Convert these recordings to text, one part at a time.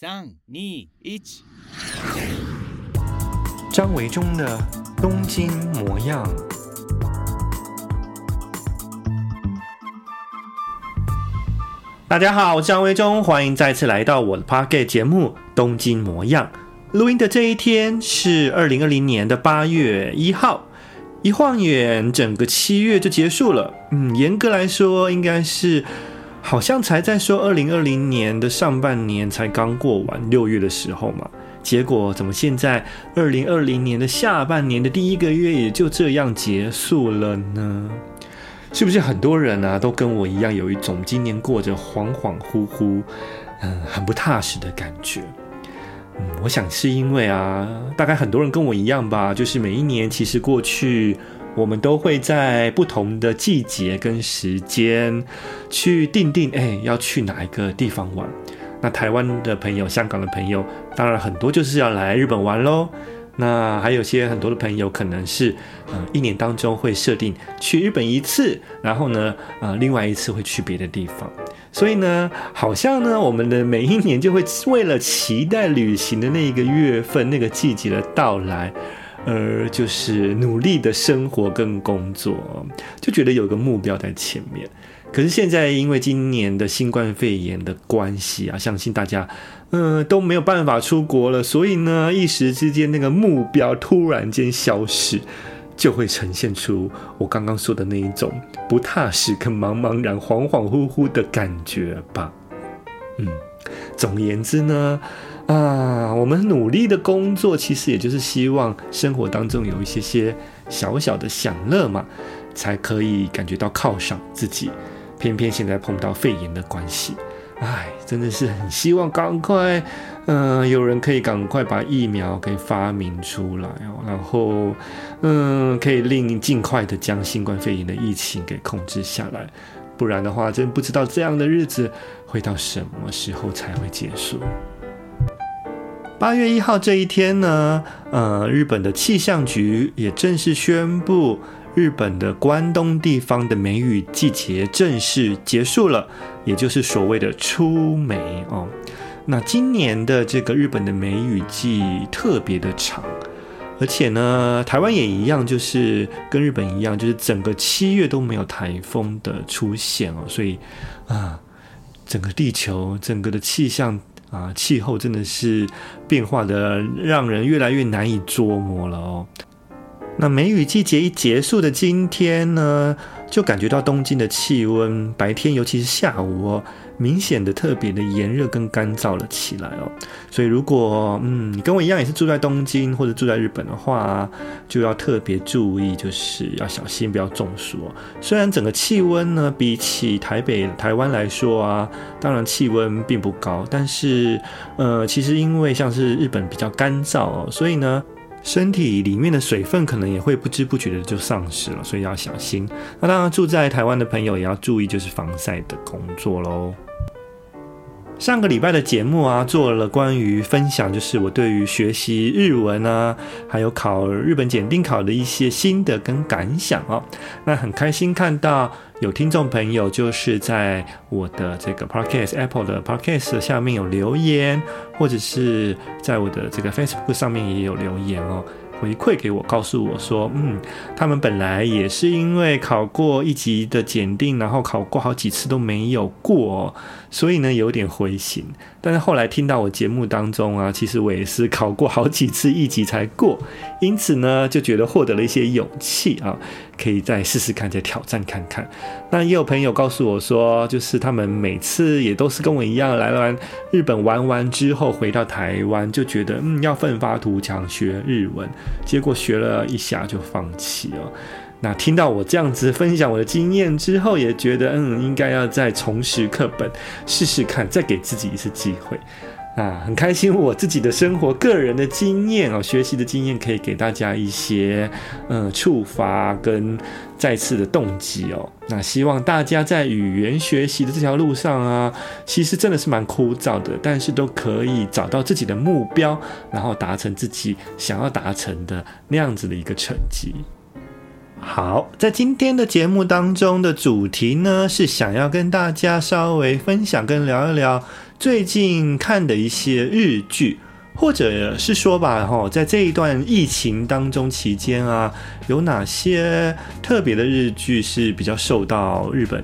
三、二、一，張維中的東京模樣。大家好，我是張維中，歡迎再次來到我的 Podcast 節目《東京模樣》。錄音的這一天是二零二零年的八月一號，一晃眼，整個七月就結束了。嗯，嚴格來說，應該是。好像才在說二零二零年的上半年才剛過完六月的時候嘛，結果怎麼現在二零二零年的下半年的第一個月也就這樣結束了呢？是不是很多人啊，都跟我一樣有一種今年過着恍恍惚惚，嗯，很不踏實的感覺？嗯，我想是因為啊，大概很多人跟我一樣吧，就是每一年其實過去。我們都會在不同的季節跟時間去定定，哎，要去哪一個地方玩？那台灣的朋友、香港的朋友，當然很多就是要來日本玩嘍。那還有些很多的朋友，可能是，呃，一年當中會設定去日本一次，然後呢，呃，另外一次會去別的地方。所以呢，好像呢，我們的每一年就會為了期待旅行的那一個月份、那個季節的到來。而就是努力的生活跟工作，就覺得有個目標在前面。可是現在因為今年的新冠肺炎的關係啊，相信大家嗯、呃、都沒有辦法出國了，所以呢，一時之間那個目標突然間消失，就會呈現出我剛剛說的那一種不踏實跟茫茫然、恍恍惚惚的感覺吧。嗯，總而言之呢。啊，我們努力的工作，其實也就是希望生活當中有一些些小小的享樂嘛，才可以感覺到犒賞自己。偏偏現在碰到肺炎的關係，唉，真的是很希望趕快，嗯、呃，有人可以趕快把疫苗給發明出來哦，然後，嗯，可以令儘快的將新冠肺炎的疫情給控制下來。不然的話，真不知道這樣的日子會到什麼時候才會結束。八月一號這一天呢，呃，日本的氣象局也正式宣布，日本的關東地方的梅雨季節正式結束了，也就是所謂的出梅哦。那今年的這個日本的梅雨季特別的長，而且呢，台灣也一樣，就是跟日本一樣，就是整個七月都沒有颱風的出現哦。所以啊，呃，整個地球，整個的氣象。啊，氣候真的是變化得讓人越來越難以捉摸了哦。那梅雨季節一結束的今天呢，就感覺到東京的氣溫，白天尤其是下午哦。明顯的特別的炎熱跟乾燥了起來哦，所以如果嗯你跟我一樣也是住在東京或者住在日本的話啊，就要特別注意，就是要小心不要中暑哦。雖然整個氣溫呢比起台北台灣來說啊，當然氣溫並不高，但是呃其實因為像是日本比較乾燥哦，所以呢身體裡面的水分可能也會不知不覺的就喪失了，所以要小心。那當然住在台灣的朋友也要注意就是防曬的工作咯。上個禮拜的節目啊，做了關於分享，就是我對於學習日文啊，還有考日本檢定考的一些心得跟感想哦。那很開心看到有聽眾朋友就是在我的這個 Podcast Apple 的 Podcast 下面有留言，或者是在我的這個 Facebook 上面也有留言哦。回饋給我，告訴我說，嗯，他們本來也是因為考過一級的檢定，然後考過好幾次都沒有過，所以呢，有點灰心。但是後來聽到我節目當中啊，其實我也是考過好幾次一級才過，因此呢就覺得獲得了一些勇氣啊，可以再試試看，再挑戰看看。那也有朋友告訴我說，就是他們每次也都是跟我一樣來完日本玩完之後回到台灣，就覺得嗯，要奮發圖強學日文，結果學了一下就放棄了。那聽到我這樣子分享我的經驗之後，也覺得嗯，應該要再重拾課本，試試看，再給自己一次機會。啊，很開心我自己的生活、個人的經驗哦，學習的經驗可以給大家一些嗯，呃，觸發跟再次的動機哦。那希望大家在語言學習的這條路上啊，其實真的是蠻枯燥的，但是都可以找到自己的目標，然後達成自己想要達成的那樣子的一個成績。好，在今天的節目當中的主題呢，是想要跟大家稍微分享跟聊一聊最近看的一些日劇，或者是說吧，哈，在這一段疫情當中期間啊，有哪些特別的日劇是比較受到日本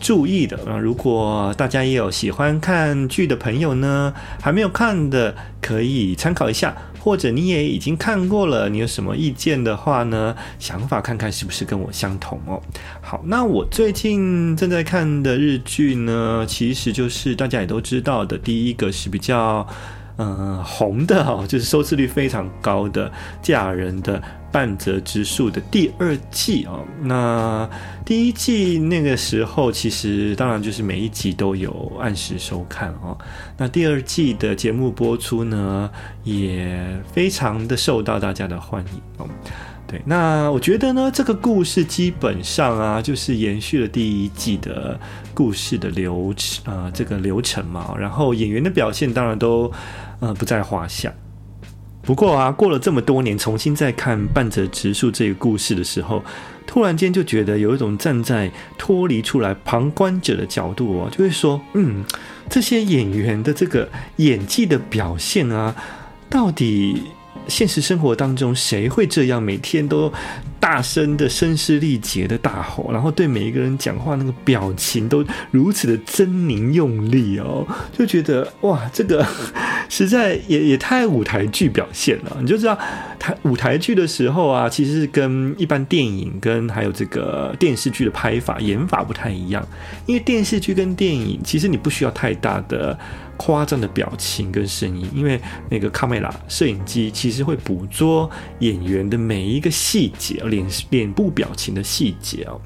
注意的？如果大家也有喜歡看劇的朋友呢，還沒有看的可以參考一下。或者你也已經看過了，你有什麼意見的話呢？想法看看是不是跟我相同哦。好，那我最近正在看的日劇呢，其實就是大家也都知道的，第一個是比較嗯、呃、紅的哦，就是收視率非常高的《嫁人》的。《半澤直樹》的第二季哦，那第一季那個時候，其實當然就是每一集都有按時收看哦。那第二季的節目播出呢，也非常的受到大家的歡迎哦。對，那我覺得呢，這個故事基本上啊，就是延續了第一季的故事的流程啊、呃，這個流程嘛。然後演員的表現當然都呃不在話下。不過啊，過了這麼多年，重新再看半澤直樹這個故事的時候，突然間就覺得有一種站在脫離出來旁觀者的角度哦，就會說，嗯，這些演員的這個演技的表現啊，到底現實生活當中誰會這樣每天都大聲的聲嘶力竭的大吼，然後對每一個人講話，那個表情都如此的猙獰用力哦，就覺得哇，這個實在也也太舞台劇表現了。你就知道台舞台劇的時候啊，其實是跟一般電影跟還有這個電視劇的拍法，演法不太一樣，因為電視劇跟電影其實你不需要太大的。誇張的表情跟聲音，因為那個卡梅拉攝影機其實會捕捉演員的每一個細節，臉臉部表情的細節哦，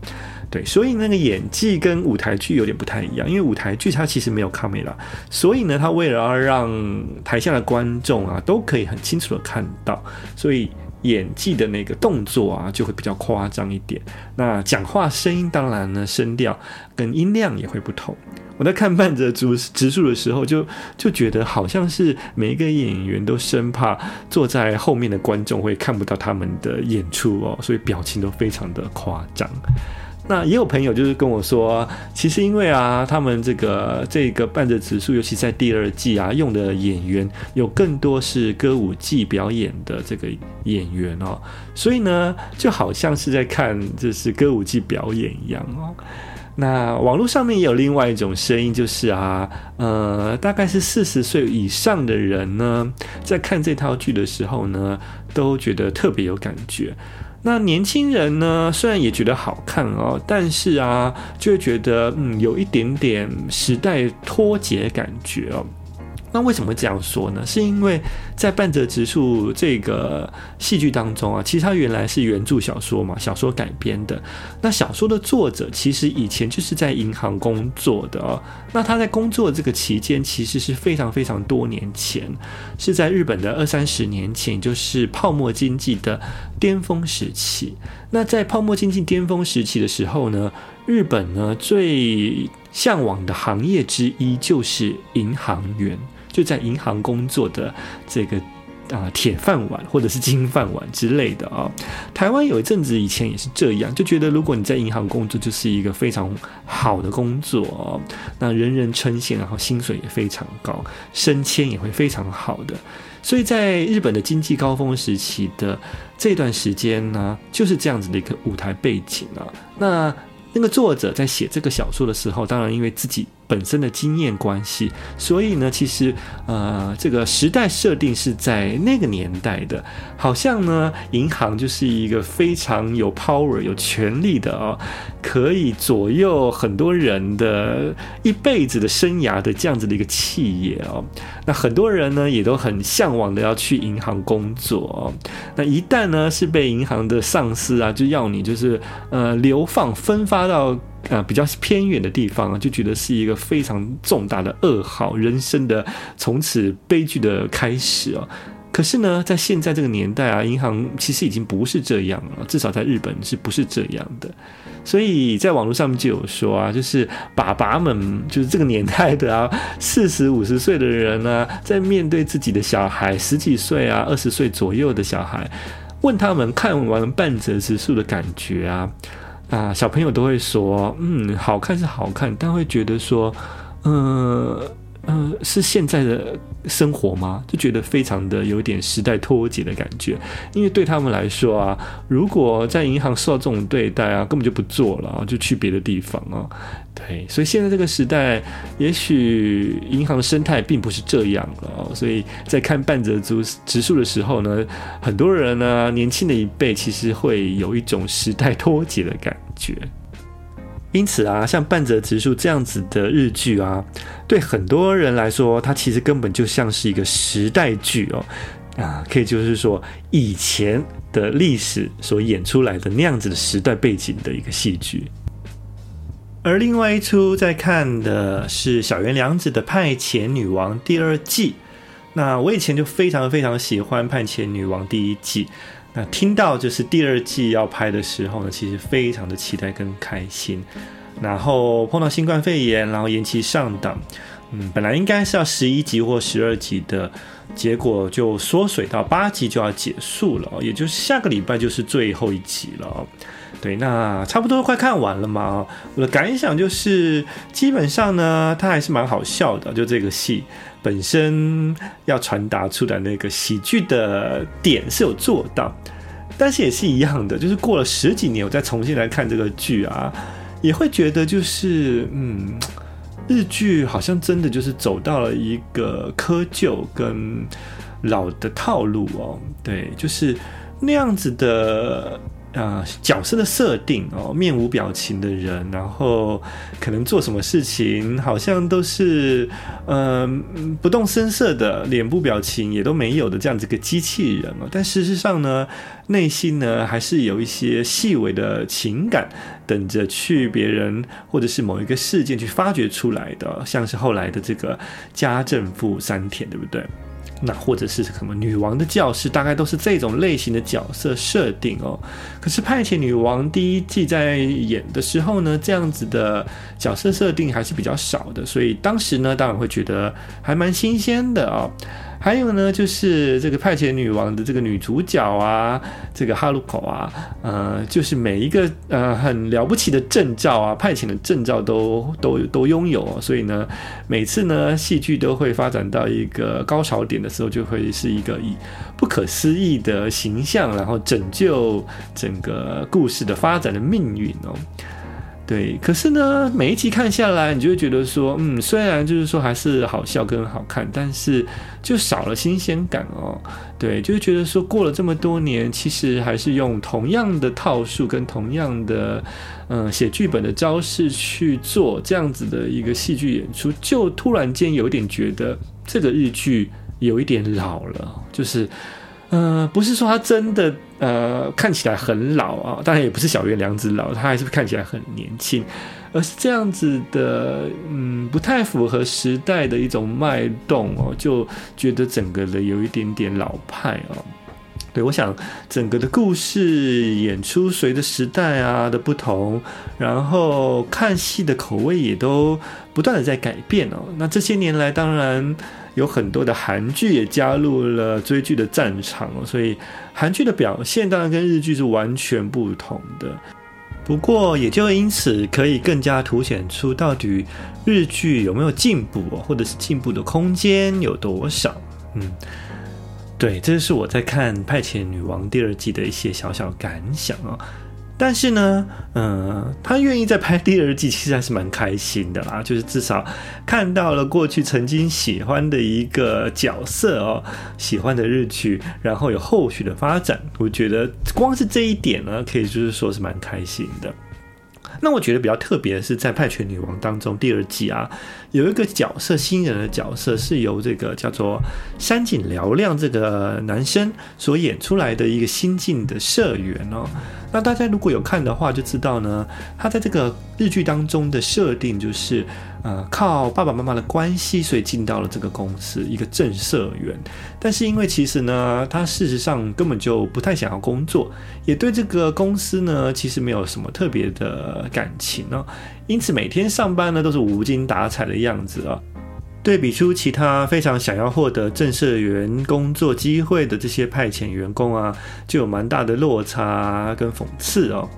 對，所以那個演技跟舞台劇有點不太一樣，因為舞台劇它其實沒有卡梅拉，所以呢，他為了要讓台下的觀眾啊都可以很清楚的看到，所以。演技的那個動作啊，就會比較誇張一點。那講話聲音當然呢，聲調跟音量也會不同。我在看《半澤直樹》的時候就，就就覺得好像是每一個演員都生怕坐在後面的觀眾會看不到他們的演出哦，所以表情都非常的誇張。那也有朋友就是跟我說，其實因為啊，他們這個這個半澤直樹，尤其在第二季啊，用的演員有更多是歌舞伎表演的這個演員哦，所以呢，就好像是在看就是歌舞伎表演一樣哦。那網絡上面也有另外一種聲音，就是啊，呃，大概是四十歲以上的人呢，在看這套劇的時候呢，都覺得特別有感覺。那年輕人呢，雖然也覺得好看哦，但是啊，就會覺得嗯，有一點點時代脫節感覺哦。那為什麼這樣說呢？是因為在半澤直樹這個戲劇當中啊，其實它原來是原著小說嘛，小說改編的。那小說的作者其實以前就是在銀行工作的哦。那他在工作這個期間，其實是非常非常多年前，是在日本的二三十年前，就是泡沫經濟的巔峰時期。那在泡沫經濟巔峰時期的時候呢，日本呢最向往的行業之一就是銀行員。就在銀行工作的這個啊鐵飯碗或者是金飯碗之類的啊、哦，台灣有一陣子以前也是這樣，就覺得如果你在銀行工作就是一個非常好的工作、哦，那人人稱羨，然後薪水也非常高，升遷也會非常好的。所以在日本的經濟高峰時期的這段時間呢，就是這樣子的一個舞台背景啊。那那個作者在寫這個小說的時候，當然因為自己。本身的經驗關係，所以呢，其實呃，這個時代設定是在那個年代的，好像呢，銀行就是一個非常有 power、有權力的啊、哦，可以左右很多人的一輩子的生涯的這樣子的一個企業啊、哦。那很多人呢也都很嚮往的要去銀行工作、哦、那一旦呢是被銀行的上司啊，就要你就是呃流放、分發到。啊、呃，比較偏遠的地方啊，就覺得是一個非常重大的噩耗，人生的從此悲劇的開始哦，可是呢，在現在這個年代啊，銀行其實已經不是這樣了，至少在日本是不是這樣的？所以在網絡上面就有說啊，就是爸爸們，就是這個年代的啊，四十、五十歲的人呢、啊，在面對自己的小孩十幾歲啊、二十歲左右的小孩，問他們看完《半澤直樹》的感覺啊。啊，小朋友都會說，嗯，好看是好看，但會覺得說，嗯、呃。呃，是現在的生活嗎？就覺得非常的有點時代脫節的感覺，因為對他們來說啊，如果在銀行受到這種對待啊，根本就不做了啊，就去別的地方啊。對，所以現在這個時代，也許銀行的生態並不是這樣了哦。所以在看半澤直樹的時候呢，很多人呢，年輕的一輩其實會有一種時代脫節的感覺。因此啊，像半澤直樹這樣子的日劇啊，對很多人來說，它其實根本就像是一個時代劇哦，啊，可以就是說以前的歷史所演出來的那樣子的時代背景的一個戲劇。而另外一出在看的是篠原涼子的《派遣女王》第二季。那我以前就非常非常喜歡《派遣女王》第一季。那聽到就是第二季要拍的時候呢，其實非常的期待跟開心，然後碰到新冠肺炎，然後延期上檔。嗯，本來應該是要十一集或十二集的，結果就縮水到八集就要結束了，也就是下個禮拜就是最後一集了。對，那差不多快看完了嘛。我的感想就是，基本上呢，它還是蠻好笑的。就這個戲本身要傳達出來的那個喜劇的點是有做到，但是也是一樣的，就是過了十幾年，我再重新來看這個劇啊，也會覺得就是嗯。日劇好像真的就是走到了一個窠臼跟老的套路哦，對，就是那樣子的。啊、呃，角色的設定哦，面無表情的人，然後可能做什麼事情，好像都是呃不動聲色的，臉部表情也都沒有的這樣子一個機器人哦，但事實上呢，內心呢還是有一些細微的情感，等着去別人或者是某一個事件去發掘出來的哦。像是後來的這個家政婦三田，對不對？那或者是什麼女王的教室，大概都是這種類型的角色設定哦。可是《派遣女王》第一季在演的時候呢，這樣子的角色設定還是比較少的，所以當時呢，當然會覺得還蠻新鮮的啊、哦。還有呢，就是這個派遣女王的這個女主角啊，這個哈魯口啊，呃，就是每一個呃很了不起的證照啊，派遣的證照都都都擁有哦，所以呢，每次呢戲劇都會發展到一個高潮點的時候，就會是一個以不可思議的形象，然後拯救整個故事的發展的命運哦。對，可是呢，每一集看下來，你就會覺得說，嗯，雖然就是說還是好笑跟好看，但是就少了新鮮感哦。對，就是覺得說，過了這麼多年，其實還是用同樣的套數跟同樣的，嗯、呃，寫劇本的招式去做這樣子的一個戲劇演出，就突然間有點覺得這個日劇有一點老了，就是。呃，不是說他真的呃看起來很老啊，哦，當然也不是小月良子老，他還是看起來很年輕，而是這樣子的，嗯，不太符合時代的一種脈動哦，就覺得整個的有一點點老派哦。對，我想整個的故事演出隨着時代啊的不同，然後看戲的口味也都不斷的在改變哦。那這些年來，當然。有很多的韓劇也加入了追劇的戰場，所以韓劇的表現當然跟日劇是完全不同的。不過也就因此可以更加凸顯出到底日劇有沒有進步，或者是進步的空間有多少。嗯，對，這是我在看《派遣女王》第二季的一些小小感想啊、哦。但是呢，嗯、呃，他願意再拍第二季，其實還是蠻開心的啦。就是至少看到了過去曾經喜歡的一個角色哦，喜歡的日劇，然後有後續的發展，我覺得光是這一點呢，可以就是說是蠻開心的。那我覺得比較特別的是，在《派遣女王》當中第二季啊，有一個角色新人的角色是由這個叫做杉井遙亮這個男生所演出來的一個新進的社員哦。那大家如果有看的話，就知道呢，他在這個日劇當中的設定就是。呃、靠爸爸媽媽的關係，所以進到了這個公司一個正社員，但是因為其實呢，他事實上根本就不太想要工作，也對這個公司呢其實沒有什麼特別的感情、哦、因此每天上班呢都是無精打采的樣子啊、哦。對比出其他非常想要獲得正社員工作機會的這些派遣員工啊，就有蠻大的落差跟諷刺哦。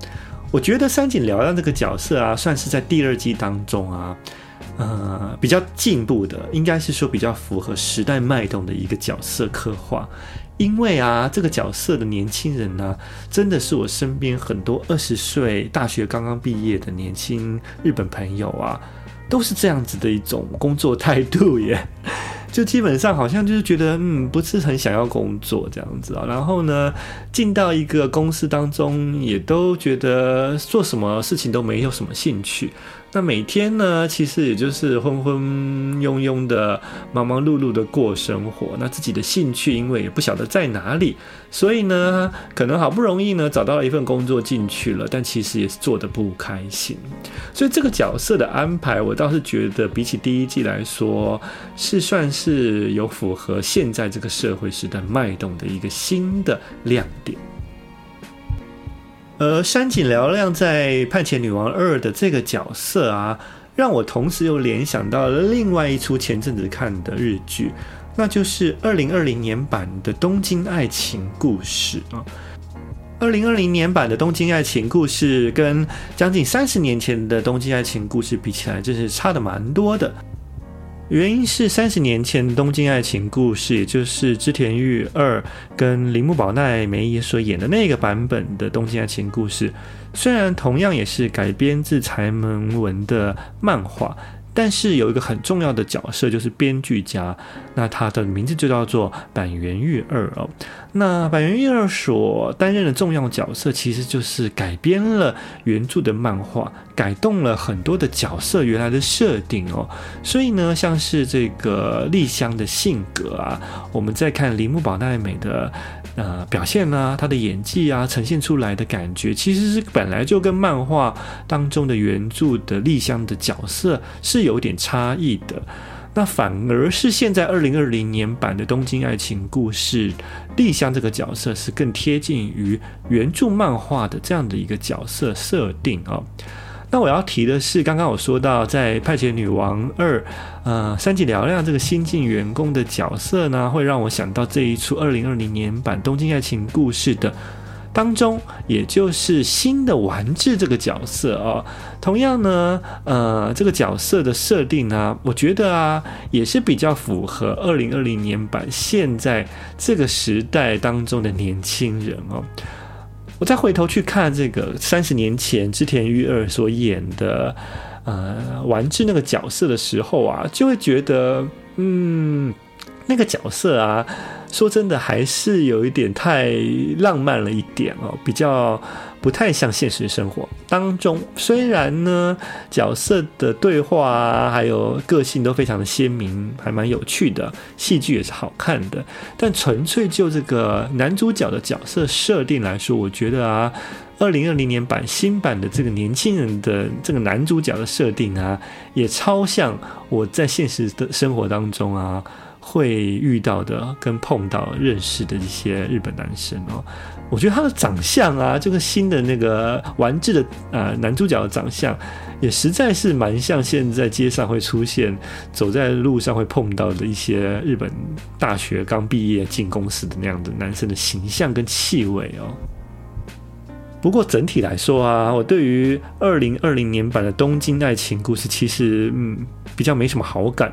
我覺得杉井遙亮這個角色啊，算是在第二季當中啊。呃、嗯，比較進步的，應該是說比較符合時代脈動的一個角色刻畫，因為啊，這個角色的年輕人呢、啊，真的是我身邊很多二十歲大學剛剛畢業的年輕日本朋友啊，都是這樣子的一種工作態度耶，就基本上好像就是覺得嗯，不是很想要工作這樣子啊，然後呢，進到一個公司當中，也都覺得做什麼事情都沒有什麼興趣。那每天呢，其實也就是昏昏庸庸的、忙忙碌碌的過生活。那自己的興趣，因為也不曉得在哪裡，所以呢，可能好不容易呢，找到了一份工作進去了，但其實也是做的不開心。所以這個角色的安排，我倒是覺得比起第一季來說，是算是有符合現在這個社會時代脈動的一個新的亮點。而杉井遙亮在《派遣女王二》的這個角色啊，讓我同時又聯想到了另外一出前陣子看的日劇，那就是二零二零年版的《東京愛情故事》啊。二零二零年版的《東京愛情故事》跟將近三十年前的《東京愛情故事》比起來，真是差得蠻多的。原因是三十年前《東京愛情故事》，也就是織田裕二跟鈴木保奈美所演的那個版本的《東京愛情故事》，雖然同樣也是改編自柴門文的漫畫，但是有一個很重要的角色，就是編劇家，那他的名字就叫做坂元裕二哦。那百元幼二所擔任的重要角色，其實就是改編了原著的漫畫，改動了很多的角色原來的設定哦。所以呢，像是這個麗香的性格啊，我們再看鈴木保奈美的呃表現啊，她的演技啊，呈現出來的感覺，其實是本來就跟漫畫當中的原著的麗香的角色是有點差異的。那反而是現在二零二零年版的《東京愛情故事》，莉香這個角色是更貼近於原著漫畫的這樣的一個角色設定啊、哦。那我要提的是，剛剛我說到在《派遣女王二》呃，杉井遙亮這個新進員工的角色呢，會讓我想到這一出二零二零年版《東京愛情故事》的。當中，也就是新的完治這個角色哦，同樣呢，呃，這個角色的設定呢、啊，我覺得啊，也是比較符合二零二零年版現在這個時代當中的年輕人哦。我再回頭去看這個三十年前織田裕二所演的呃完治那個角色的時候啊，就會覺得嗯。那個角色啊，說真的還是有一點太浪漫了一點哦，比較不太像現實生活當中。雖然呢，角色的對話啊，還有個性都非常的鮮明，還蠻有趣的，戲劇也是好看的。但純粹就這個男主角的角色設定來說，我覺得啊，二零二零年版新版的這個年輕人的這個男主角的設定啊，也超像我在現實的生活當中啊。會遇到的、跟碰到、認識的一些日本男生哦，我覺得他的長相啊，這個新的那個完治的呃男主角的長相，也實在是蠻像現在街上會出現、走在路上會碰到的一些日本大學剛畢業進公司的那樣的男生的形象跟氣味哦。不過整體來說啊，我對於二零二零年版的《東京愛情故事》其實，嗯。比較沒什麼好感，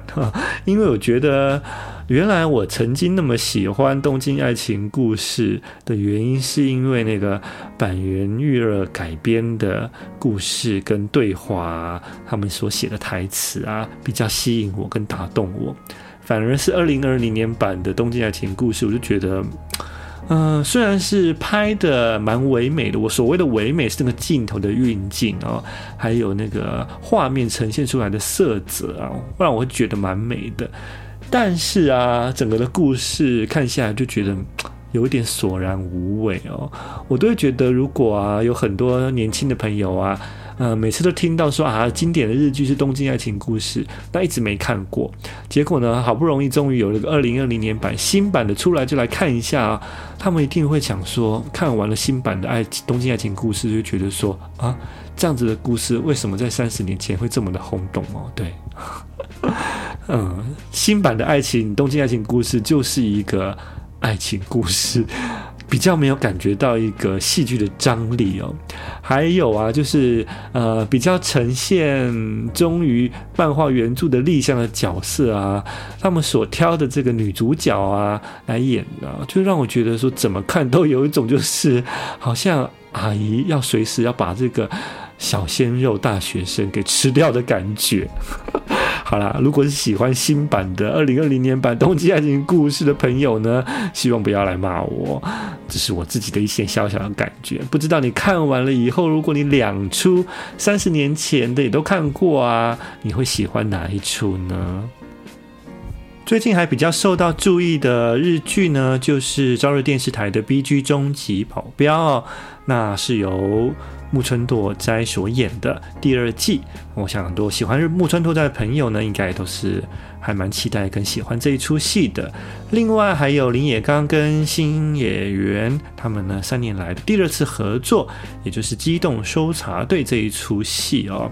因為我覺得原來我曾經那麼喜歡《東京愛情故事》的原因，是因為那個坂元裕二改編的故事跟對話啊，他們所寫的台詞啊，比較吸引我跟打動我。反而是二零二零年版的《東京愛情故事》，我就覺得。嗯，雖然是拍的蠻唯美的，我所謂的唯美是那個鏡頭的運鏡哦，還有那個畫面呈現出來的色澤啊，不然我會覺得蠻美的。但是啊，整個的故事看下來就覺得有一點索然無味哦。我都會覺得，如果啊，有很多年輕的朋友啊。呃、嗯，每次都聽到說啊，經典的日劇是《東京愛情故事》，但一直沒看過。結果呢，好不容易終於有了個二零二零年版，新版的出來就來看一下、哦。他們一定會想說，看完了新版的愛情《東京愛情故事》，就覺得說啊，這樣子的故事為什麼在三十年前會這麼的轟動哦？對，嗯，新版的愛情《東京愛情故事》就是一個愛情故事。比較沒有感覺到一個戲劇的張力哦，還有啊，就是呃，比較呈現忠於漫畫原著的立像的角色啊，他們所挑的這個女主角啊來演的啊，就讓我覺得說怎麼看都有一種就是好像阿姨要隨時要把這個小鮮肉大學生給吃掉的感覺。好啦，如果是喜歡新版的二零二零年版《冬季愛情故事》的朋友呢，希望不要來罵我，這是我自己的一些小小的感覺。不知道你看完了以後，如果你兩出三十年前的也都看過啊，你會喜歡哪一出呢？最近還比較受到注意的日劇呢，就是朝日電視台的《BG 終極保鏢》，那是由。木村拓哉所演的第二季，我想很多喜歡木村拓哉的朋友呢，應該都是還蠻期待跟喜歡這一出戲的。另外還有綾野剛跟星野源他們呢，三年來的第二次合作，也就是機動搜查隊這一出戲哦。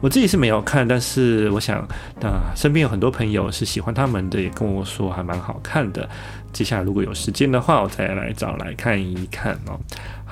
我自己是沒有看，但是我想那、呃、身邊有很多朋友是喜歡他們的，也跟我說還蠻好看的。接下來如果有時間的話，我再來找來看一看哦。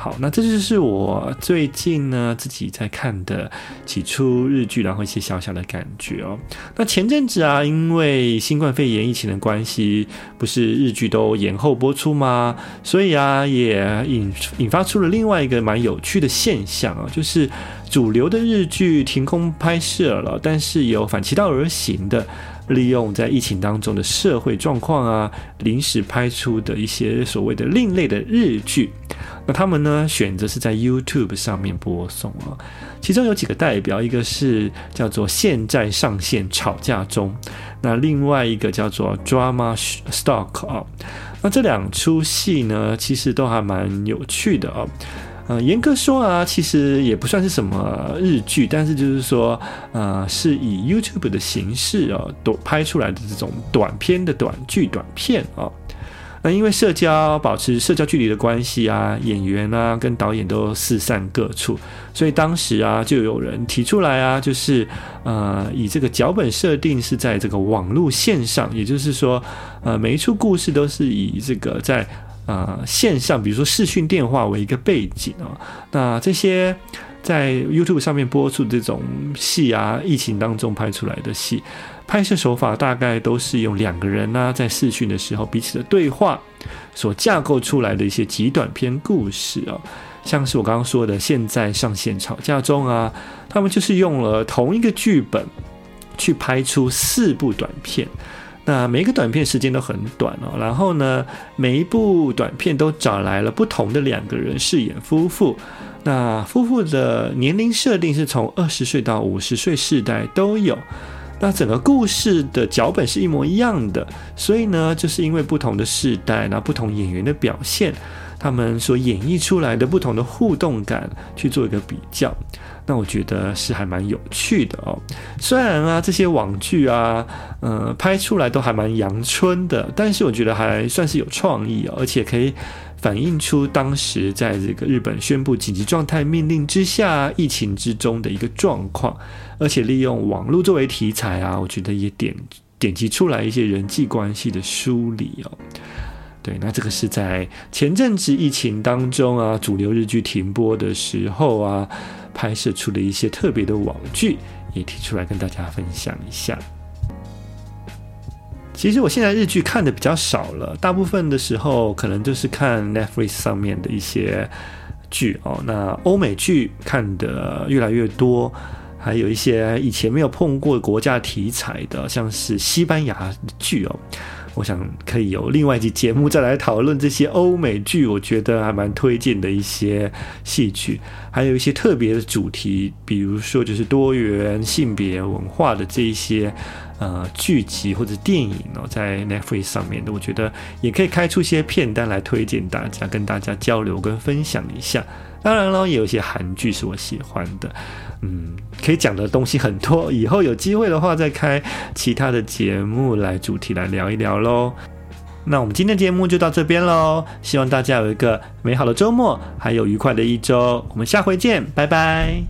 好，那這就是我最近呢自己在看的幾齣日劇，然後一些小小的感覺哦。那前陣子啊，因為新冠肺炎疫情的關係，不是日劇都延後播出嗎？所以啊，也引引發出了另外一個蠻有趣的現象啊、哦，就是主流的日劇停工拍攝了，但是有反其道而行的。利用在疫情當中的社會狀況啊，臨時拍出的一些所謂的另類的日劇，那他們呢選擇是在 YouTube 上面播送啊，其中有幾個代表，一個是叫做“現在上線吵架中”，那另外一個叫做 Drama Stock 啊，那這兩齣戲呢，其實都還蠻有趣的啊。嗯，嚴格說啊，其實也不算是什麼日劇，但是就是說，呃，是以 YouTube 的形式哦，都拍出來的這種短片的短劇短片啊。那因為社交保持社交距離的關係啊，演員啊跟導演都四散各處，所以當時啊就有人提出來啊，就是呃，以這個腳本設定是在這個網路線上，也就是說，呃，每一處故事都是以這個在。啊、呃，線上比如說視訊電話為一個背景啊，那這些在 YouTube 上面播出這種戲啊，疫情當中拍出來的戲，拍攝手法大概都是用兩個人呢、啊、在視訊的時候彼此的對話所架構出來的一些極短篇故事啊，像是我剛剛說的現在上線吵架中啊，他們就是用了同一個劇本去拍出四部短片。那每一個短片時間都很短哦，然後呢，每一部短片都找來了不同的兩個人飾演夫婦，那夫婦的年齡設定是從二十歲到五十歲，世代都有。那整個故事的腳本是一模一樣的，所以呢，就是因為不同的世代，那不同演員的表現。他們所演繹出來的不同的互動感去做一個比較，那我覺得是還蠻有趣的哦。雖然啊，這些網劇啊，嗯、呃，拍出來都還蠻陽春的，但是我覺得還算是有創意哦，而且可以反映出當時在這個日本宣布緊急狀態命令之下，疫情之中的一個狀況，而且利用網絡作為題材啊，我覺得也點點擊出來一些人際關係的梳理哦。對，那這個是在前陣子疫情當中啊，主流日劇停播的時候啊，拍攝出了一些特別的網劇，也提出來跟大家分享一下。其實我現在日劇看的比較少了，大部分的時候可能都是看 Netflix 上面的一些劇哦。那歐美劇看的越來越多，還有一些以前沒有碰過的國家題材的，像是西班牙劇哦。我想可以有另外一集節目再來討論這些歐美劇，我覺得還蠻推薦的一些戲劇，還有一些特別的主題，比如說就是多元性別文化的這一些呃劇集或者電影哦，在 Netflix 上面的，我覺得也可以開出一些片單來推薦大家，跟大家交流跟分享一下。當然了，也有一些韓劇是我喜歡的。嗯，可以講的東西很多，以後有機會的話再開其他的節目來主題來聊一聊嘍。那我們今天的節目就到這邊嘍，希望大家有一個美好的周末，還有愉快的一周。我們下回見，拜拜。